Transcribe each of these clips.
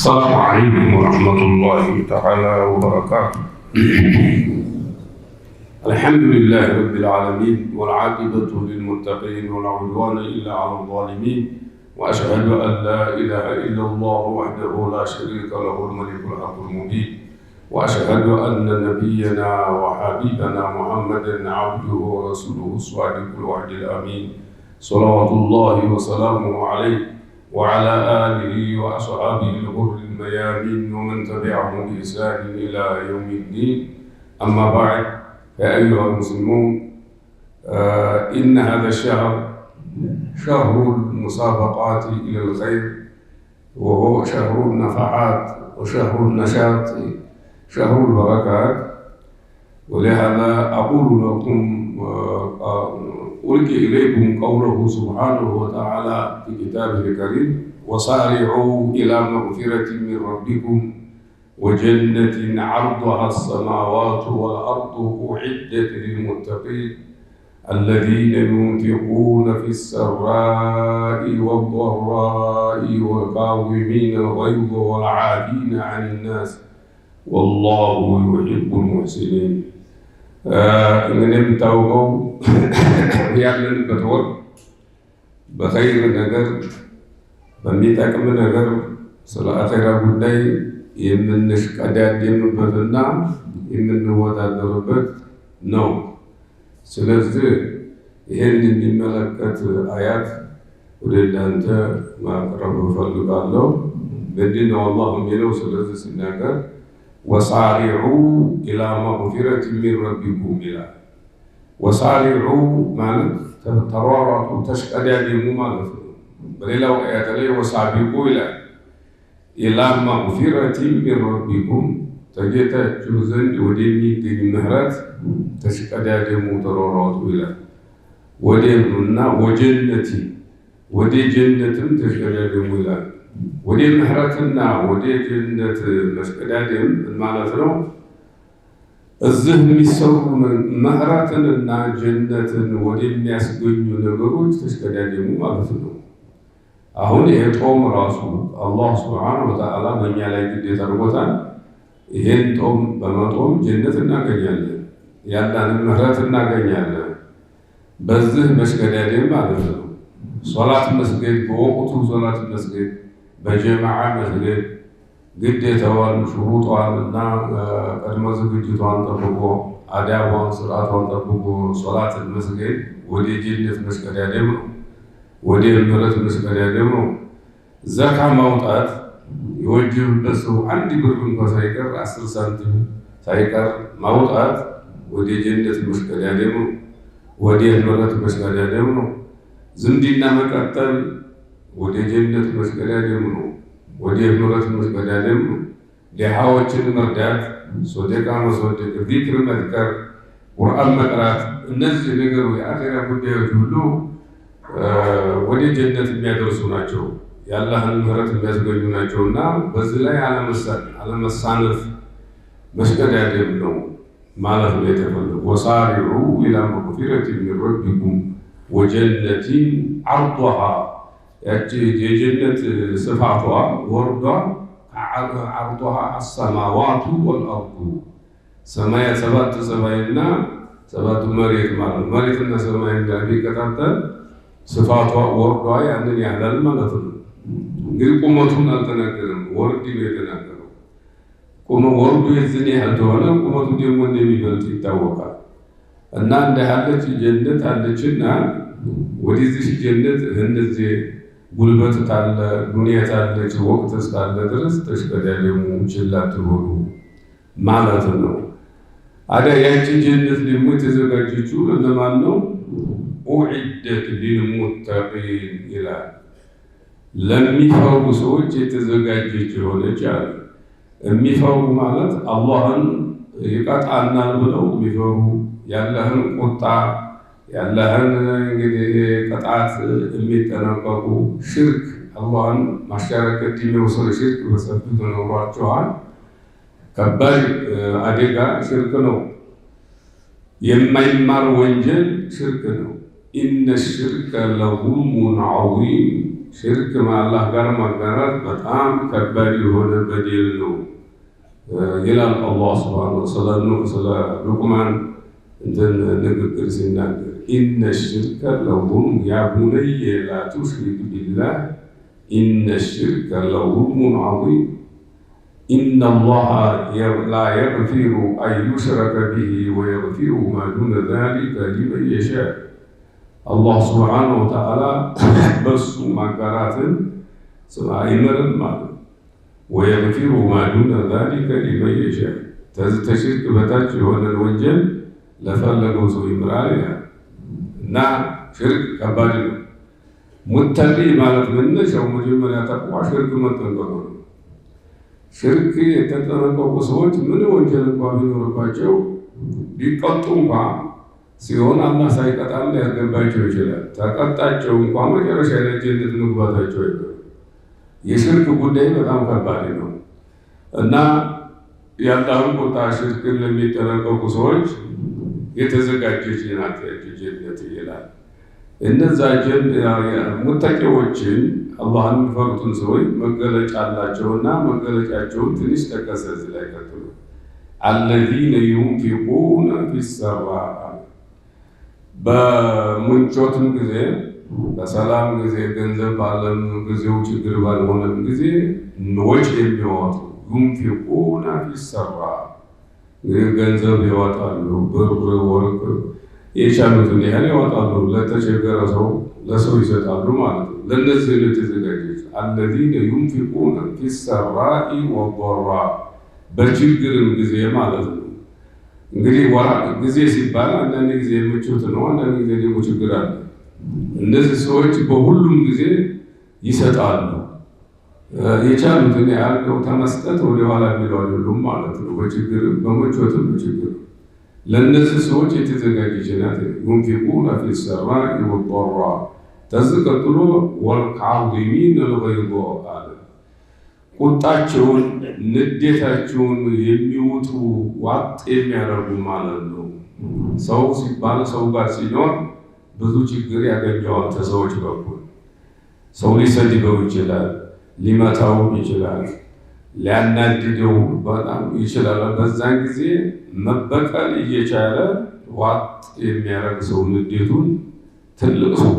السلام عليكم ورحمة الله تعالى وبركاته الحمد لله رب العالمين والعاقبة للمتقين ولا عدوان إلا على الظالمين وأشهد أن لا إله إلا الله وحده لا شريك له الملك الحق المبين وأشهد أن نبينا وحبيبنا محمدا عبده ورسوله الصادق الوعد الأمين صلوات الله وسلامه عليه وعلى آله وأصحابه الغر الميامين ومن تبعهم بإحسان إلى يوم الدين أما بعد يا أيها المسلمون آه إن هذا الشهر شهر المسابقات إلى الخير وهو شهر النفعات وشهر النشاط شهر البركات ولهذا أقول لكم آه آه ألقي إليكم قوله سبحانه وتعالى في كتابه الكريم وسارعوا إلى مغفرة من ربكم وجنة عرضها السماوات والأرض أعدت للمتقين الذين ينفقون في السراء والضراء والقاومين الغيظ والعادين عن الناس والله يحب المحسنين እንግዲህ የምታውቀው ያለንበት ወር በኸይር ነገር በሚጠቅም ነገር ስለ አኼራ ጉዳይ የምንሽቀዳደምበትና የምንወዳደርበት ነው። ስለዚህ ይህን የሚመለከት አያት ወደ እናንተ ማቅረብ እፈልጋለሁ። በዲን አላህ የሚለው ስለዚህ ሲናገር ወሳሪዑ ኢላ መግፊረት ሚን ረቢኩም ይላል። ወሳሪዑ ማለት ተሯሯጡ፣ ተሽቀዳደሙ ማለት ነው። በሌላው አያት ላይ ወሳቢቁ ይላል። ኢላ መግፊረት ሚን ረቢኩም ከጌታችሁ ዘንድ ወደሚገኝ ምሕረት ተሽቀዳደሙ፣ ተሯሯጡ ይላል። ወደ እና ወጀነቲ ወደ ጀነትም ተሽቀዳደሙ ይላል። ወደ ምሕረትና ወደ ድህነት መሽቀዳደም ማለት ነው። እዚህ የሚሰሩ ምሕረትንና ጀነትን ወደሚያስገኙ ነገሮች ተሽቀዳደሙ ማለት ነው። አሁን ይሄ ጦም ራሱ አላህ ስብሓነሁ ወተዓላ በእኛ ላይ ግዴታ አድርጎታል። ይሄን ጦም በመጦም ጀነት እናገኛለን፣ ያላን ምሕረት እናገኛለን። በዚህ መሽቀዳደም ማለት ነው። ሶላት መስገድ፣ በወቅቱ ሶላት መስገድ በጀማዓ መስጊድ ግዴታዋን ሽሩጧንና ቅድመ ዝግጅቷን ጠብቆ አዳቧን ስርዓቷን ጠብቆ ሶላትን መስገድ ወደ ጀነት መስቀዳደም ነው። ወደ ምሕረት መስቀዳደም ነው። ዘካ ማውጣት የወጀበበት ሰው አንድ ብር እንኳ ሳይቀር አስር ሳንቲም ሳይቀር ማውጣት ወደ ጀነት መስቀዳደም ነው። ወደ ምሕረት መስቀዳደም ነው። ዝምድና መቀጠል ወደ ጀነት መዝገዳደም ነው። ወደ ምህረት መዝገዳደም ነው። ድሃዎችን መርዳት፣ ሶደቃ መሶደቅ፣ ዚክር መዝከር፣ ቁርአን መቅራት፣ እነዚህ ነገሩ የአኼራ ጉዳዮች ሁሉ ወደ ጀነት የሚያደርሱ ናቸው። የአላህን ምህረት የሚያስገኙ ናቸው እና በዚህ ላይ አለመሳነፍ መስገዳ ደም ነው ማለት ነው የተፈለገው። ወሳሪዑ ኢላ መግፊረቲን ሚን ረቢኩም ወጀነቲን ዐርዱሃ ያቺ የጀነት ስፋቷ ወርዷ አርضሃ አሰማዋቱ ወልአርዱ ሰማያ ሰባት ሰማይና ሰባቱ መሬት ማለት መሬትና ሰማይ እንዳሚቀጣጠል ስፋቷ ወርዷ ያንን ያህላል ማለት ነው። እንግዲህ ቁመቱን አልተናገረም። ወርድ ነው የተናገረው። ቁመ ወርዱ የዝን ያህል ተሆነ ቁመቱ ደግሞ እንደሚበልጥ ይታወቃል። እና እንደ ያለች ጀነት አለችና ወደዚህ ጀነት እንደዚህ ጉልበት ታለ ዱንያ አለች ወቅት እስካለ ድረስ ተሽቀዳደሙ ችላ ትሆኑ ማለት ነው። አዳ ያቺ ጀነት ደግሞ የተዘጋጀችው ለማን ነው? ኡዒደት ሊልሙተቂን ይላል። ለሚፈሩ ሰዎች የተዘጋጀች የሆነች አለ። የሚፈሩ ማለት አላህን ይቀጣናል ብለው የሚፈሩ ያለህን ቁጣ ያለህን እንግዲህ ከጣት የሚጠነቀቁ ሽርክ አላህን ማሻረከት የሚወሰኑ ሽርክ በሰፊው ተነግሯችኋል። ከባድ አደጋ ሽርክ ነው። የማይማር ወንጀል ሽርክ ነው። ኢነ ሽርከ ለዙልሙን ዐዚም ሽርክ ማላህ ጋር ማጋራት በጣም ከባድ የሆነ በደል ነው ይላል አላህ ሱብሓነሁ ወተዓላ ስለ ሉቅማን እንትን ንግግር ሲናገር إن الشرك لظلم يا بني لا تشرك بالله إن الشرك لظلم عظيم إن الله لا يغفر أن يشرك به ويغفر ما دون ذلك لمن يشاء الله سبحانه وتعالى بس مكرات سمعين ما ويغفر ما دون ذلك لمن يشاء تشرك بتاج هنا الوجل لفلقوا سوى إمرارها እና ሽርክ ከባድ ነው። ሙተቂ ማለት መነሻው መጀመሪያ ተቅዋ ሽርክ መጠንቀቁ ነው። ሽርክ የተጠነቀቁ ሰዎች ምን ወንጀል እንኳ ቢኖርባቸው ቢቀጡ እንኳ ሲሆን አላህ ሳይቀጣም ሊያገባቸው ይችላል። ተቀጣቸው እንኳ መጨረሻ ላይ ጀነት መግባታቸው አይቀርም። የሽርክ ጉዳይ በጣም ከባድ ነው እና የአላህን ቁጣ ሽርክን ለሚጠነቀቁ ሰዎች የተዘጋጀችን ናት ጀነት ይላል። እነዛ ሙተቂዎችን አላህን የሚፈሩትን ሰዎች መገለጫ አላቸውና መገለጫቸውን ትንሽ ጠቀሰ እዚህ ላይ ቀጥሎ አለዚነ ዩንፊቁነ ፊሰራ በምንጮትም ጊዜ በሰላም ጊዜ ገንዘብ ባለም ጊዜው ችግር ባልሆነም ጊዜ ወጪ የሚያወጡ ዩንፊቁነ ፊሰራ ገንዘብ ያወጣሉ፣ ብር፣ ወርቅ የቻሉትን ያህል ያወጣሉ። ለተቸገረ ሰው ለሰው ይሰጣሉ ማለት ነው። ለእነዚህ ነው የተዘጋጀች። አለዚነ ዩንፊቁነ ፊሰራኢ ወበራ በችግርም ጊዜ ማለት ነው። እንግዲህ ወራ ጊዜ ሲባል አንዳንድ ጊዜ ምቾት ነው፣ አንዳንድ ጊዜ ደግሞ ችግር አለ። እነዚህ ሰዎች በሁሉም ጊዜ ይሰጣሉ። የቻሉትን ያህል ተመስጠት ወደኋላ የሚለው አይደሉም ማለት ነው። በችግር በመቾትም በችግር ለእነዚህ ሰዎች የተዘጋጀች ናት። ዩንፊቁነ ፊ ሰራኢ ወበራ ተዝ ቀጥሎ ወልካዚሚን አልገይዝ አለ። ቁጣቸውን ንዴታቸውን የሚውጡ ዋጥ የሚያደርጉ ማለት ነው። ሰው ሲባል ሰው ጋር ሲኖር ብዙ ችግር ያገኘዋል። ተሰዎች በኩል ሰው ሊሰድበው ይችላል ሊመታው ይችላል፣ ሊያናድደው በጣም ይችላል። በዛን ጊዜ መበቀል እየቻለ ዋጥ የሚያደርግ ሰው ንዴቱን ትልቅ ሰው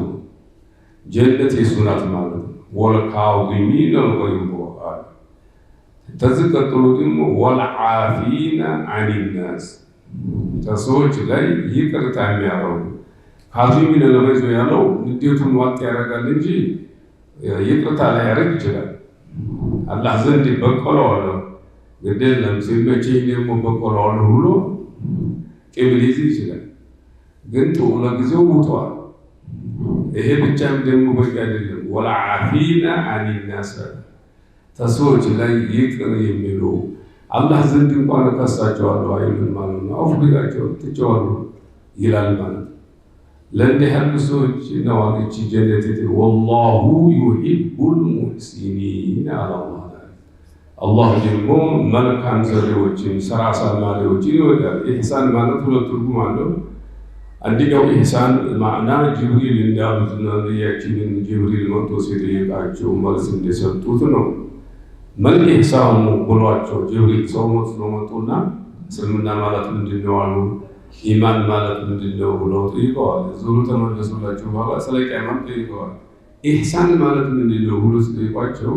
ጀነት የሱ ናት ማለት ነው። ወልካዚሚነ ልገይዝ ወል ከዚህ ቀጥሎ ደግሞ ወልዓፊነ አኒናስ ከሰዎች ላይ ይቅርታ የሚያደርጉ ካዚሚነ ለመይዞ ያለው ንዴቱን ዋጥ ያደርጋል እንጂ ይቅርታ ላያደርግ ይችላል። አላህ ዘንድ በቆሎ ሆነ ግድ የለም ሲመቸኝ ደግሞ በቆሎ ሆነ ብሎ ቂም ሊይዝ ይችላል። ግን ጥሩ ለጊዜው ሞተዋል። ይሄ ብቻም ደግሞ በቂ አይደለም። ወልዓፊና አኒናስ ተሰዎች ላይ ይቅር የሚሉ አላህ ዘንድ እንኳን እከሳቸዋለሁ አይሉም ማለት ነው። አውፍ ብያቸው ትቸዋለሁ ይላል ማለት ነው። ለእንዲህ ያሉ ሰዎች ነው ጀነት ወላሁ ዩሂቡል ሙሕሲኒን አለ አላህ ደግሞ መልካም ዘሪዎችን ስራ አሳማሪዎችን ይወዳል። ኢሕሳን ማለት ሁለት ትርጉም አለው። አንደኛው ኢሕሳን ማዕና ጅብሪል እንዳሉት ነቢያችንን ጅብሪል መጥቶ ሲጠይቃቸው መልስ እንደሰጡት ነው። መልክ ኢሕሳኑ ብሏቸው ጅብሪል ሰው መስሎ መጡና እስልምና ማለት ምንድን ነው አሉ ኢማን ማለት ምንድን ነው ብለው ጠይቀዋል። ዞሮ ተመለሱላቸው በኋላ ስለ ኢማን ጠይቀዋል። ኢሕሳን ማለት ምንድን ነው ብሎ ሲጠይቋቸው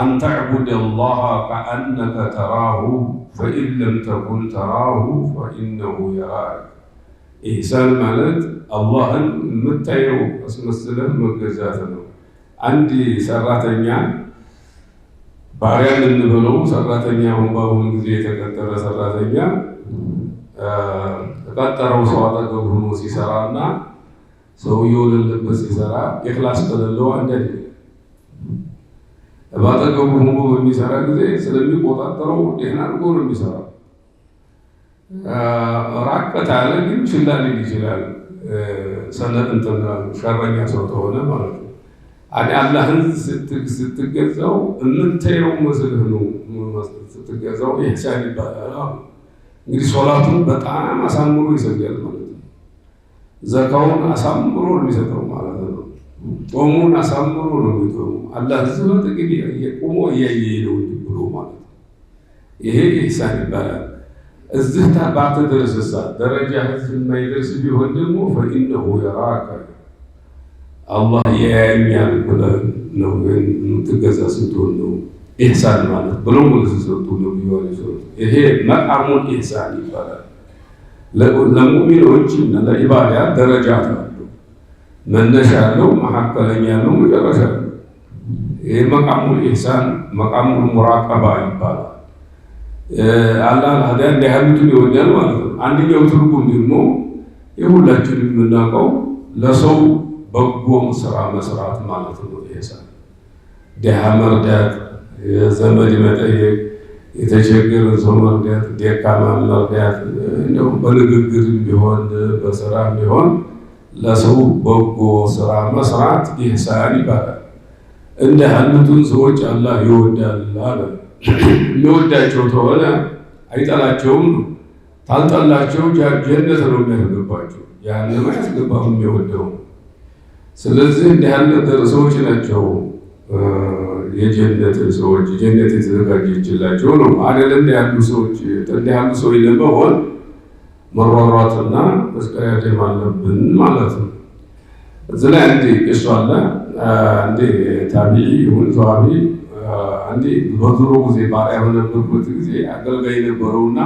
አንተዕቡድ ላሃ ከአነከ ተራሁ ፈኢን ለም ተኩን ተራሁ ፈኢነሁ የራክ። ኢሕሳን ማለት አላህን የምታየው አስመስለን መገዛት ነው። አንድ ሰራተኛ ባሪያ እንበለው ሰራተኛ አሁን በአሁኑ ጊዜ የተቀጠረ ሰራተኛ ቀጠረው ሰው አጠገብ ሆኖ ሲሰራ እና ሰውየው ልልበት ሲሰራ የክላስ ከሌለው አንደድ ባጠገቡ ሆኖ በሚሰራ ጊዜ ስለሚቆጣጠረው ደህና አድርጎ ነው የሚሰራ። ራቀት ያለ ግን ችላ ሊል ይችላል። ሰለጥንትና ሸረኛ ሰው ተሆነ ማለት ነው። አላህን ስትገዛው የምታየው መስልህ ነው። ስትገዛው ኢሕሳን ይባላል። እንግዲህ ሶላቱን በጣም አሳምሮ ይሰግዳል ማለት ነው። ዘካውን አሳምሮ ነው የሚሰጠው ማለት ነው። ጦሙን አሳምሮ ነው የሚጦሙ አላህ ህዝብ ጥቂት የቆሞ እያየ ሄደው ብሎ ማለት ነው። ይሄ ኢህሳን ይባላል። እዚህ ደረሰሳ ደረጃ ህዝብ የማይደርስ ቢሆን ደግሞ ፈኢነሁ የራከ አላህ ያያኛል ብለን ነው ግን የምትገዛ ስትሆን ነው ኢሕሳን ማለት ብሎም ወለሲሰቱ ነቢዩ ሰት ይሄ መቃሙን ኢሕሳን ይባላል። ለሙሚኖች እና ለኢባዳት ደረጃት አለው። መነሻ ያለው፣ መካከለኛ ያለው፣ መጨረሻ ያለው። ይህ መቃሙል ኢሕሳን መቃሙል ሙራቀባ ይባላል። አላህ ሀዲያ እንዲያሉት ያሉትን ይወዳል ማለት ነው። አንደኛው ትርጉም ደግሞ የሁላችን የምናውቀው ለሰው በጎም ስራ መስራት ማለት ነው። ኢሕሳን ድሃ መርዳት ዘመድ መጠየቅ፣ የተቸገረን ሰው መርዳት፣ ደካማ መርዳት፣ እንዲሁም በንግግርም ቢሆን በስራም ቢሆን ለሰው በጎ ስራ መስራት ኢሕሳን ይባላል። እንደ ያሉትን ሰዎች አላህ ይወዳል አለ። የሚወዳቸው ተሆነ አይጠላቸውም። ታልጠላቸው ጀነት ነው የሚያስገባቸው፣ ያንም አያስገባም የሚወደው። ስለዚህ እንዲህ ያለ ሰዎች ናቸው የጀነትን ሰዎች ጀነት የተዘጋጀችላቸው ነው አይደል? እንደ ያሉ ሰዎች እንደ ያሉ ሰዎች ለመሆን መሯሯትና መስቀያደም አለብን ማለት ነው። እዚ ላይ እንዲ ቅሱ አለ እንዲ ታቢ ይሁን ተዋቢ እንዲ በድሮ ጊዜ ባሪያ በነበርበት ጊዜ አገልጋይ ነበረውና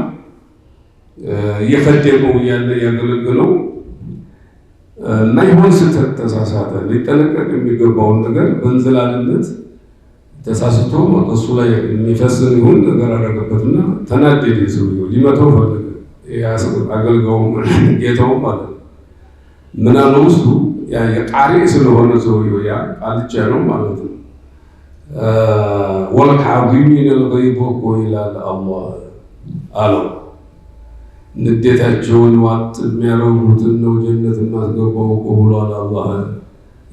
እየፈደመው እያለ ያገለግለው እና ይሁን ስህተት ተሳሳተ ሊጠነቀቅ የሚገባውን ነገር በእንዝላልነት ተሳስቶ እሱ ላይ የሚፈስን ይሁን ነገር አደረገበትና ተናደደ። ሰውዬው ሊመታው ፈለገ። አገልጋዩ ጌታው ማለት ነው። ምናለ ውስጡ የቃሪ ስለሆነ ሰውዬው ያ ቃልቻ ነው ማለት ነው። ወልሐዚሚን አልገይብ እኮ ይላል አላ አለው። ንዴታቸውን ዋጥ የሚያደርጉትን ነው ጀነት የማስገባው እኮ ብሏል አላህ።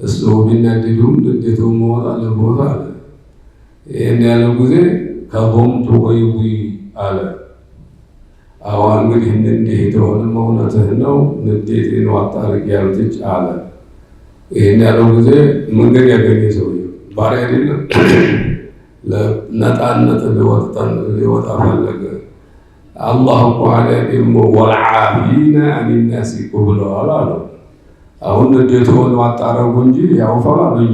እሱ ቢናደዱም ንዴተው መወጣ አለበት አለ ይህን ያለው ጊዜ ከቦምቱ ሆይ አለ። አሁን እንግዲህ እንዴት የሆንም እውነትህ ነው ንዴት ነው አታርግ ያሉትች አለ። ይህን ያለው ጊዜ መንገድ ያገኘ ሰውዬው ባሪያ አይደለም። ለነጣነት ሊወጣ ፈለገ። አላህ እኮ አለ ደግሞ ወልዓፊነ አኒናስ እኮ ብለዋል አሁን ንዴት ሆኖ አጣረጉ እንጂ ያው ፈራ በኝ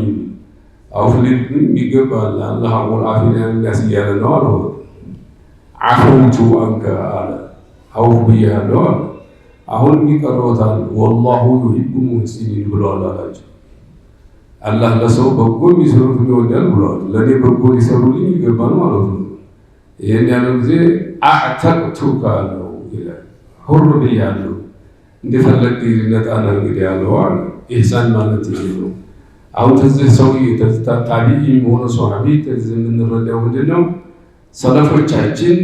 አውፍሊል ግን ይገባል አላህ አሙል አፊና ያስ እያለ ነው አለ። አፉቱ አንከ አለ አውፍ ብያለሁ አለ። አሁን የሚቀረውታል ወላሁ ዩሂቡ ሙሕሲኒን ብለዋል አላቸው። አላህ ለሰው በጎ የሚሰሩት ይወዳል ብለዋል። ለእኔ በጎ ሊሰሩልኝ ይገባ ነው ማለት ነው። ይህን ያለ ጊዜ አዕተቅቱ ካለው ይላል ሁር ብያለሁ እንደፈለግ ነጣና እንግዲህ ያለው አለ። ኢሕሳን ማለት ነው አሁን ከዚህ ሰው ተጣጣቢ የሆነ ሶሃቢ ከዚህ የምንረዳው ምንድን ነው? ሰለፎቻችን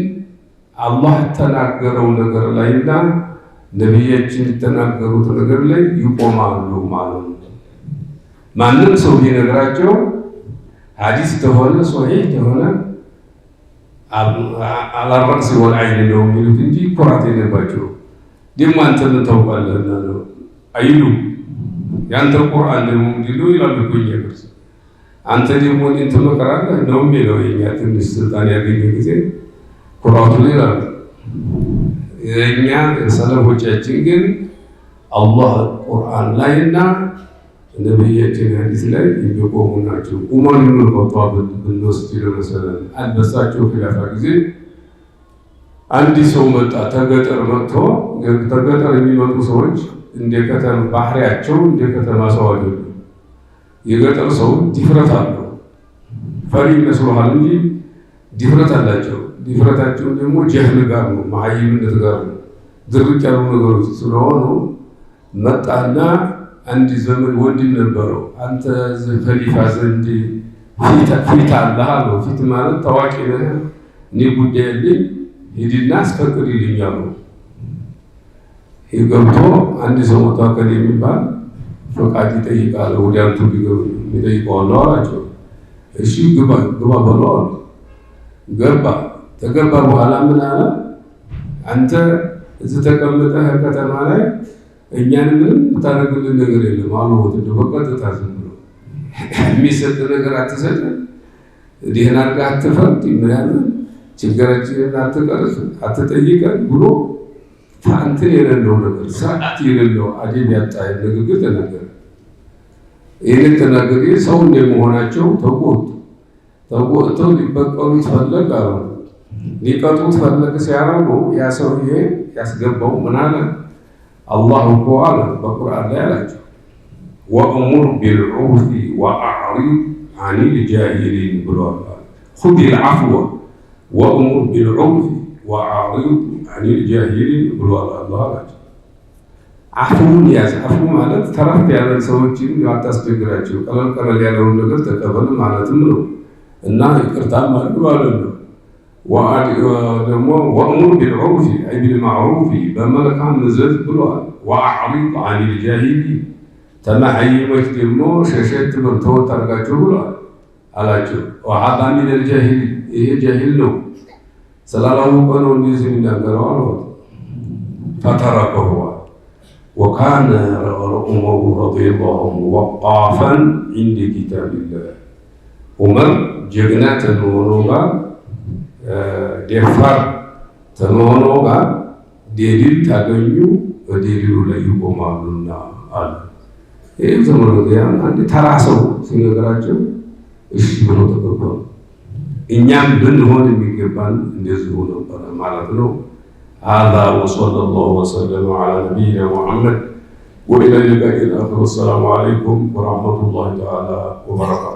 አላህ ተናገረው ነገር ላይና ነቢያችን የተናገሩት ነገር ላይ ይቆማሉ ማለት ነው። ማንም ሰው ቢነግራቸው ሐዲስ ተሆነ ሶሒህ ተሆነ አላረቅስ ወል አይን ነው የሚሉት እንጂ ኩራት የለባቸው። ደግሞ አንተ ምን ታውቃለህ ነው አይሉ ያንተ ቁርአን ደግሞ እንዲሉ ይላሉ እኮ አንተ ደግሞ እኔን ትመክራለህ ነው የሚለው የኛ ትንሽ ስልጣን ያገኘ ጊዜ ኩራቱ ይላሉ። የእኛ ሰለፎቻችን ግን አላህ ቁርአን ላይና ነቢያችን ሐዲስ ላይ የሚቆሙ ናቸው። ኡመር ብኑል ኸጧብ ብንወስድ ይለመሰላል አልበሳቸው ኪላፋ ጊዜ አንድ ሰው መጣ። ተገጠር መጥቶ ተገጠር የሚመጡ ሰዎች እንደ ከተማ ባህሪያቸው እንደ ከተማ ሰው አይደሉም። የገጠር ሰው ድፍረት አለው። ፈሪ ይመስሉሃል እንጂ ድፍረት አላቸው። ዲፍረታቸው ደግሞ ጀህል ጋር ነው፣ መሀይምነት ጋር ነው። ድርቅ ያሉ ነገሮች ስለሆኑ መጣና አንድ ዘመን ወንድም ነበረው። አንተ ፈሊፋ ዘንድ ፊት አለህ አለው። ፊት ማለት ታዋቂ ነህ፣ እኔ ጉዳይ የለኝ ሂድና አስፈቅድ ገብቶ አንድ ሰው መቶ አካል የሚባል ፈቃድ ይጠይቃል። ወዲያንቱ የሚጠይቀዋለ አላቸው። እሺ ግባ ግባ በሉ አሉ። ገባ። ተገባ በኋላ ምን አለ? አንተ እዚህ ተቀምጠህ ከተማ ላይ እኛን ምንም የምታደርግልን ነገር የለም አልሆት እንደ በቀጥታ ዝም ብሎ የሚሰጥ ነገር አትሰጥ፣ ድህን አድርገህ አትፈርድ፣ ምን ያለ ችግራችንን አትቀርስ፣ አትጠይቀን ብሎ ፋንትን የሌለው ነገር ሳት የሌለው አዲል ያጣ ንግግር ተናገረ። ይህን ተናገር ሰው እንደመሆናቸው ተቆጡ። ተቆጥተው ሊበቀሉት ፈለግ አሉ። ሊቀጡት ፈለግ ሲያረጉ ያ ሰውዬ ያስገባው ምን አለ? አላህ እኮ አለ በቁርአን ላይ አላቸው ወእሙር ቢልዑርፊ ወአዕሪድ አኒ ጃሂሊን ብሏል። ሁድ ልዓፍወ ወእሙር ቢልዑርፊ ወአዕሪድ አኒል ጃሂሊን ብሏል አላቸው። አፍሙን ያዝ። አፍሙ ማለት ተረፍ ያለ ሰዎችን አታስቸግራቸው፣ ቀለል ቀለል ያለውን ነገር ተቀበል ማለትም ነው እና ይቅርታ ማድረግ ማለት ነው። ደግሞ ወእሙር ቢልዑርፊ አይ ቢልማዕሩፊ በመልካም ንዘፍ ብሏል። ወአዕሪድ አኒል ጃሂሊ ተመሐይሞች ደግሞ ሸሸት ብር ተወት አድርጋቸው ብሏል አላቸው። ወሀዳ ሚነል ጃሂል ይሄ ጃሂል ነው ስላላወቀ ነው እንዲህ ሲል የሚናገረው አለት ፈተረከሁ ወካነ ዑመሩ ረዲየላሁ ወቃፈን ኢንደ ኪታቢላህ ዑመር ጀግና ተመሆኖ ጋር ደፋር ተመሆኖ ጋር ደሊል ታገኙ በደሊሉ ላይ ይቆማሉና አሉ። ይህ ተመሎ አንድ ተራ ሰው ሲነግራቸው እሺ ብሎ ተቀበሉ። إنيام ልንሆን هون እንደዚሁ ነበረ ማለት هذا وصلى الله وسلم على نبينا محمد وإلى اللقاء الآخر السلام عليكم ورحمة الله تعالى وبركاته